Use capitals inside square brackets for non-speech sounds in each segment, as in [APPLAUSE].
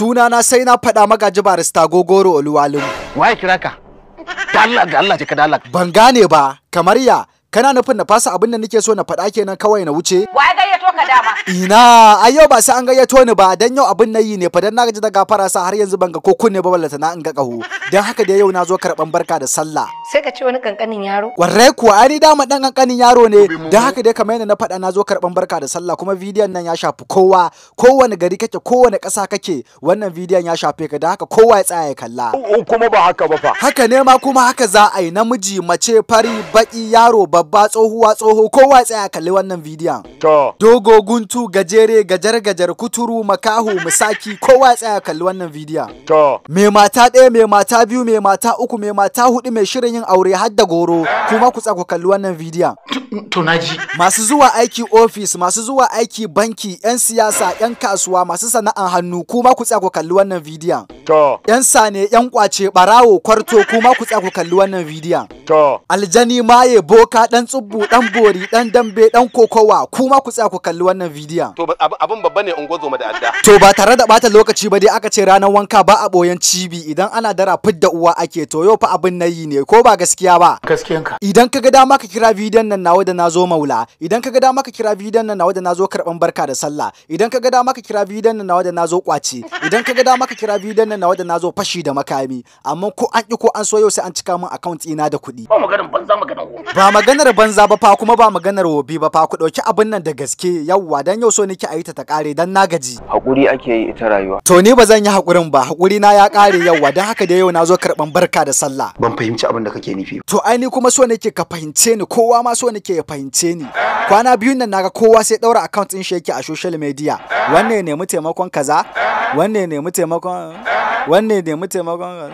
sunana sai na faɗa magaji barista gogoro oluwalu waye kira ka da Allah da Allah ka da Allah ban gane ba kamar ya kana nufin na fasa abin da nake so na faɗa kenan kawai na wuce wa ya gayyato ka dama ina ai yau ba sai an gayyato ni ba dan yau abin nayi ne fa dan na gaji da gafara sa har yanzu ban ga ko kunne ba ballata na in ga kaho dan haka da yau na zo karban barka da sallah sai ka ce wani kankanin yaro warre kuwa ai dama dan kankanin yaro ne dan haka dai kamar yadda na faɗa na zo karban barka da sallah kuma bidiyon nan ya shafi kowa kowane gari kake kowane ƙasa kake wannan bidiyon ya shafe ka dan haka kowa ya tsaya ya kalla oh, oh, kuma ba haka ba fa haka ne ma kuma haka za a yi namiji mace fari baki yaro ba babba tsohuwa tsoho kowa tsaya kalli wannan bidiyon. Dogo guntu gajere gajar gajar kuturu makahu misaki kowa tsaya kalli wannan bidiyon. Mai mata ɗaya mai mata biyu mai mata uku mai mata hudu mai shirin yin aure har da goro kuma ku tsaya kalli wannan bidiyon. Masu zuwa aiki ofis masu zuwa aiki banki 'yan siyasa 'yan kasuwa masu sana'an hannu kuma ku kalli wannan bidiyon. 'Yan sane 'yan kwace barawo kwarto kuma ku kalli wannan bidiyon. Aljani maye boka ɗan tsubbu ɗan bori ɗan dambe ɗan kokowa kuma ku tsaya ku kalli wannan bidiyon. To abin babba ne ungozo ma da adda. To ba tare da bata lokaci ba dai aka ce ranar wanka ba a boyan cibi idan ana dara fidda uwa ake to yau fa abin nayi ne ko ba gaskiya ba. Gaskiyanka. Idan ka ga dama ka kira bidiyon nan nawa da nazo maula idan ka ga dama ka kira bidiyon nan nawa da nazo karban barka da sallah idan ka ga dama ka kira bidiyon nan nawa da nazo kwace idan ka ga dama ka kira bidiyon nan nawa da nazo fashi da makami amma ko an ki ko an so yau sai an cika min account ina da kuɗi. Ba maganin banza maganin Ba maganin maganar banza ba fa kuma ba maganar wobi ba fa ku ɗauki abin nan da gaske yawwa dan yau so nake a yi ta ta ƙare dan na gaji. Hakuri ake yi ita rayuwa. To ni ba zan yi hakurin ba hakuri na ya ƙare yawwa dan haka da yau na zo karban barka da sallah. Ban fahimci abin da kake nufi. To ai ni kuma so nake ka fahimce ni kowa ma so nake ya fahimce ni. Kwana biyun nan naga kowa sai ɗaura account din shi yake a social media. Wanne ne nemi taimakon kaza, wanne ne nemi taimakon wanne ne mu taimakon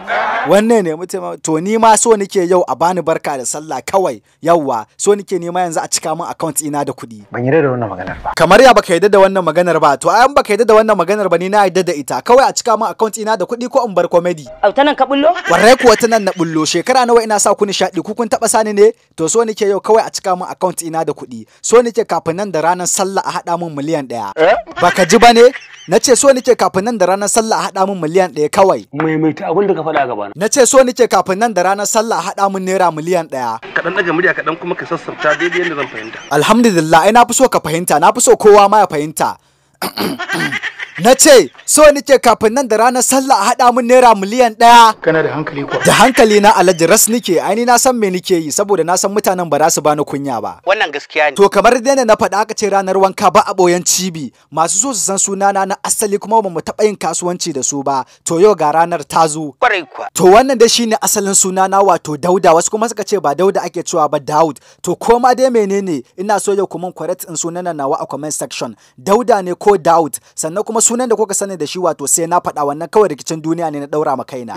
wanne ne mu taimakon to ni ma so nake yau a bani barka da sallah kawai yawwa so nake ni ma yanzu a cika min account ina da kuɗi ban yarda da wannan maganar ba kamar ya baka yarda da wannan maganar ba to an baka yarda da wannan maganar ba ni na yarda da ita kawai a cika min account ina da kuɗi ko in bar comedy au ta nan ka bullo warai kuwa ta nan na bullo shekara nawa ina sa ku nishaɗi ku kun taɓa sani ne to so nake yau kawai a cika min account ina da kuɗi so nake kafin nan da ranar sallah a haɗa min miliyan ɗaya eh? baka ji ba ne Na ce so nike kafin nan da ranar sallah haɗa mun miliyan ɗaya kawai. Maimaita abin da ka faɗa gaba na. Na ce so nike kafin nan da ranar sallah haɗa mun naira miliyan ɗaya. Kaɗan ɗaga murya kaɗan kuma ka sassauta daidai yadda zan fahimta. Alhamdulillah ai na fi so ka fahimta na fi so kowa ma ya fahimta. [CLEARS THROAT] [LAUGHS] na ce so nike kafin nan da ranar sallah a haɗa mun naira miliyan ɗaya kana da hankali ko? da hankali na alaji ras nike ai na san me nike yi saboda na san mutanen ba za su bani kunya ba wannan gaskiya ne to kamar dai na faɗa aka ce ranar wanka ba a boyan cibi masu so su san sunana na asali kuma ba mu taɓa yin kasuwanci da su ba to yau ga ranar ta zo kwarai kuwa to wannan dai shine asalin sunana wato dauda wasu kuma suka ce ba dauda ake cewa ba daud to ko ma dai menene ina so yau kuma correct in sunana nawa a comment section dauda ne ko daud sannan kuma sunan da kuka sani da shi wato sai na faɗa wannan kawai rikicin duniya ne na ɗaura ma kaina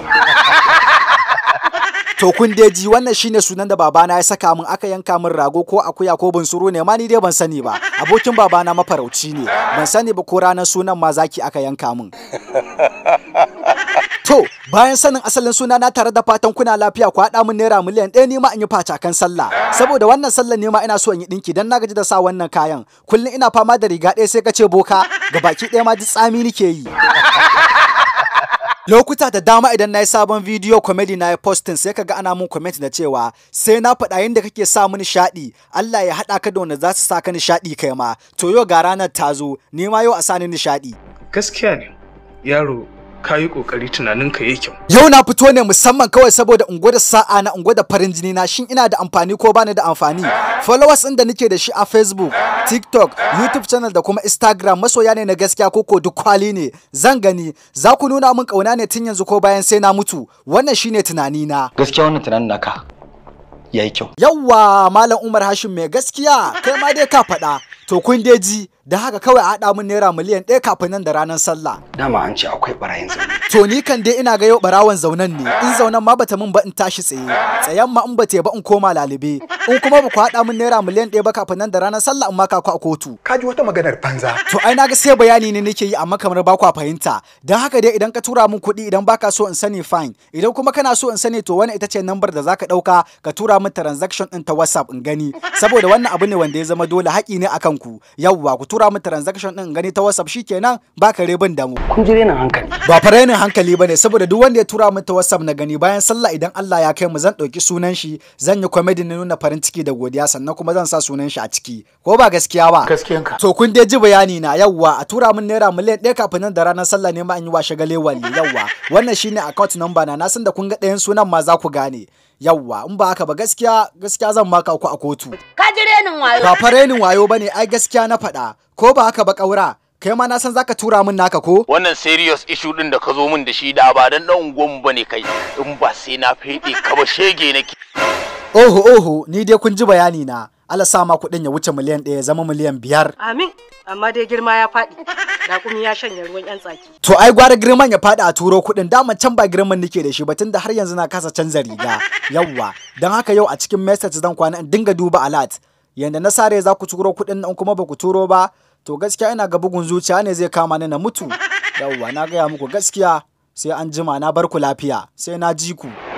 to kun dai wannan shine sunan da babana ya saka min aka yanka min rago ko akuya ko bunsuru ne ma ni dai ban sani ba abokin babana mafarauci ne ban sani ba ko ranar sunan ma zaki aka yanka min To, bayan sanin asalin suna na tare da fatan kuna lafiya ku haɗa mun naira miliyan ɗaya nima in yi kan sallah. Saboda wannan sallah nema ina so in yi ɗinki dan na gaji da sa wannan kayan. Kullum ina fama da riga ɗaya sai ka ce boka ga baki ɗaya ma duk tsami nike yi. [LAUGHS] lokuta da dama idan na yi sabon video comedy na yi postin sai ka ga ana mun comment da cewa sai na faɗa yadda kake sa mu nishaɗi Allah ya haɗa ka da wanda zasu su sa ka nishaɗi kai ma to yau ga ranar ta zo yau a sani nishaɗi gaskiya ne yaro ka yi kokari tunanin ka kyau yau na fito ne musamman kawai saboda in gwada sa'a na in gwada farin jini na shin ina da amfani ko bani da amfani followers din da nake da shi a Facebook TikTok YouTube channel da kuma Instagram masoya ne na gaskiya ko duk kwali ne zan gani za ku nuna min kauna ne tun yanzu ko bayan sai na mutu wannan shine tunani na gaskiya wannan tunanin naka yayi kyau yawwa malam Umar Hashim mai gaskiya kai ma dai ka faɗa To kun dai ji da haka kawai a haɗa min naira miliyan ɗaya kafin nan da ranar sallah. Dama an ce akwai ɓarayin zaune. To ni kan dai ina ga yau ɓarawon zaunen ne in zaunen ma bata min ba in tashi tsaye tsayen ma in bata ba in koma lalube in kuma ba ku haɗa min naira miliyan ɗaya ba kafin nan da ranar sallah in ma ka ku a kotu. Ka ji wata maganar banza. To ai na ga sai bayani ne nake yi amma kamar ba kwa fahimta don haka dai idan ka tura min kuɗi idan baka so in sani fine idan kuma kana so in sani to wani ita ce nambar da zaka ɗauka ka tura min transaction ɗin ta WhatsApp in gani saboda wannan abu ne wanda ya zama dole haƙi ne akan ku yawwa ku tura mu transaction din gani ta WhatsApp shikenan ba ka rebin damu kun jire ni hankali ba fa renin hankali bane saboda duk wanda ya tura mu ta WhatsApp na gani bayan sallah idan Allah ya kai mu zan dauki sunan shi zan yi comedy na nuna farin ciki da godiya sannan kuma zan sa sunan shi a ciki ko ba gaskiya ba gaskiyanka to kun dai ji bayani na yawwa a tura min naira miliyan 1 kafin nan da ranar sallah ne ma an yi washe gale wali yawwa wannan shine account number na na san da kun ga ɗayan sunan ma za ku gane yawwa in ba haka ba gaskiya gaskiya zan maka ku a kotu ka ji renin wayo ba fa renin wayo bane ai gaskiya na faɗa ko ba haka ba ƙaura kai ma na san zaka tura min naka ko wannan serious issue din da ka zo min da shi da ba dan dan gwam bane kai in ba sai na fede ka ba shege nake oho oho ni dai kun ji bayani na ala sa ma kuɗin ya wuce miliyan ɗaya ya zama miliyan biyar. Amin, amma dai girma ya faɗi. Dakumi ya shanya ruwan ƴan tsaki. To ai gwara girman ya faɗi a turo kuɗin mun can ba girman nake da shi ba tunda har yanzu na kasa canza riga. Yawwa, don haka yau a cikin message zan kwana in dinga duba alert. Yanda na sare za ku turo kuɗin nan kuma ba ku turo ba, to gaskiya ina ga bugun zuciya ne zai kama ni na mutu. Yawwa, na gaya muku gaskiya sai an jima na bar ku lafiya, sai na ji ku.